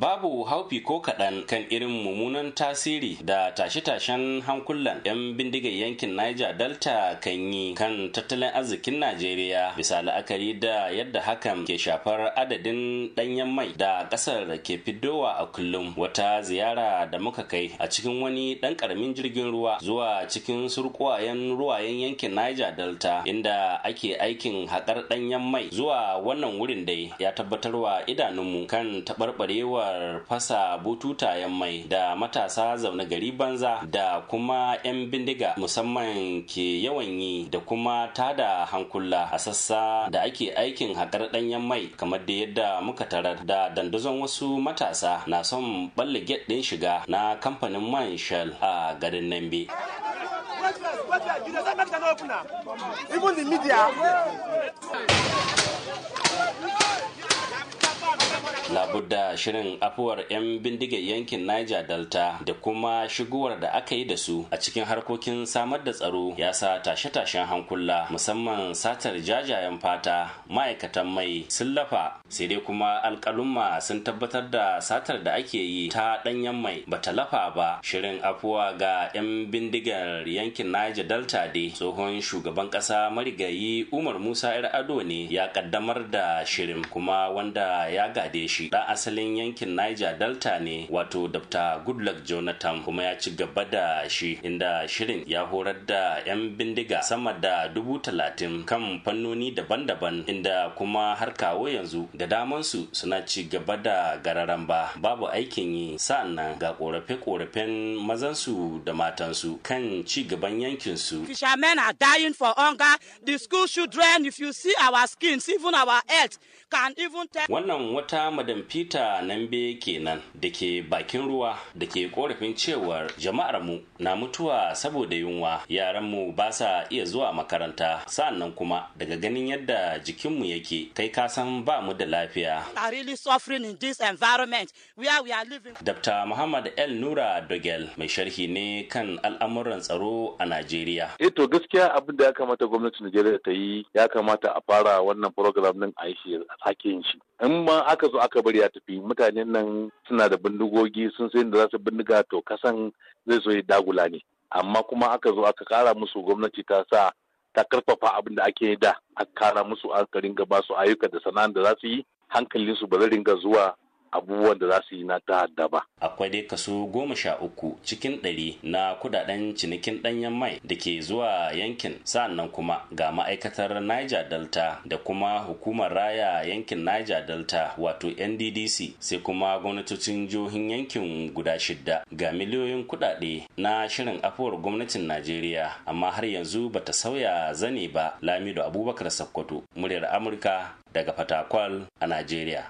babu haufi ko kaɗan kan irin mummunan tasiri da tashe-tashen hankulan 'yan bindigar yankin niger delta kan yi kan tattalin arzikin najeriya bisa la'akari da yadda hakan ke shafar adadin ɗanyen mai da ƙasar ke fidowa a kullum wata ziyara da muka kai a cikin wani ɗan ƙaramin jirgin ruwa zuwa cikin surkuwayen ruwayen yankin niger delta inda ake aikin haƙar ɗanyen mai zuwa wannan wurin dai ya tabbatarwa idanunmu kan taɓarɓarewa ribar fasa bututayen mai da matasa zaune gari banza da kuma 'yan bindiga musamman ke yawan yi da kuma tada hankula a sassa da ake aikin haƙar ɗanyen mai kamar da yadda muka tarar da dandazon wasu matasa na son balle get ɗin shiga na kamfanin man shell a garin nambe Even the media. labudda shirin afuwar 'yan bindigar yankin niger delta da kuma shigowar da aka yi da su a cikin harkokin samar da tsaro ya sa tashe-tashen hankula musamman satar jajayen fata ma'aikatan mai sun lafa, sai dai kuma alkalumma sun tabbatar da satar da ake yi ta danyen mai bata lafa ba shirin afuwa ga 'yan bindigar yankin niger delta dai tsohon shugaban ƙasa marigayi umar musa 'yar ado ne ya ƙaddamar da shirin kuma wanda ya gade shi shi da asalin yankin niger delta ne wato dr goodluck jonathan kuma ya ci gaba da shi inda shirin ya horar da 'yan bindiga sama da dubu talatin kan fannoni daban-daban inda kuma har kawo yanzu da damansu suna ci gaba da gararan ba babu aikin yi sa'annan ga korafe-korafen mazansu da matansu kan ci gaban yankinsu fishermen are dying for hunger the school children if you see our skins even our health can even tell wannan wata madam peter nambe kenan da ke bakin ruwa da ke korafin cewar jama'ar mu na mutuwa saboda yunwa yaran mu ba sa iya zuwa makaranta sannan kuma daga ganin yadda jikinmu yake kai ka san ba mu da lafiya dr muhammad el nura dogel mai sharhi ne kan al'amuran tsaro a najeriya eh to gaskiya abin da ya kamata gwamnatin najeriya ta yi ya kamata a fara wannan program din a yi shi a sake yin shi in ma aka zo aka suka ya tafi mutanen nan suna da bindigogi sun sai da za su bindiga to kasan zai zo ya dagula ne amma kuma aka zo aka kara musu gwamnati ta sa ta karfafa abin da ake da aka kara musu aka ringa ba su ayyuka da sana'an da za su yi hankalinsu ba zai ringa zuwa abubuwan da za su yi na ta'adda ba. Akwai dai kaso goma sha uku cikin ɗari na kudaden cinikin ɗanyen mai da ke zuwa yankin sa'annan kuma ga ma'aikatar Niger Delta da kuma hukumar raya yankin Niger Delta wato NDDC sai kuma gwamnatocin jihohin yankin guda shidda ga miliyoyin kudade na shirin afuwar gwamnatin Najeriya amma har yanzu bata sauya zane ba Lamido Abubakar Sakkwato muryar Amurka daga Fatakwal a Najeriya.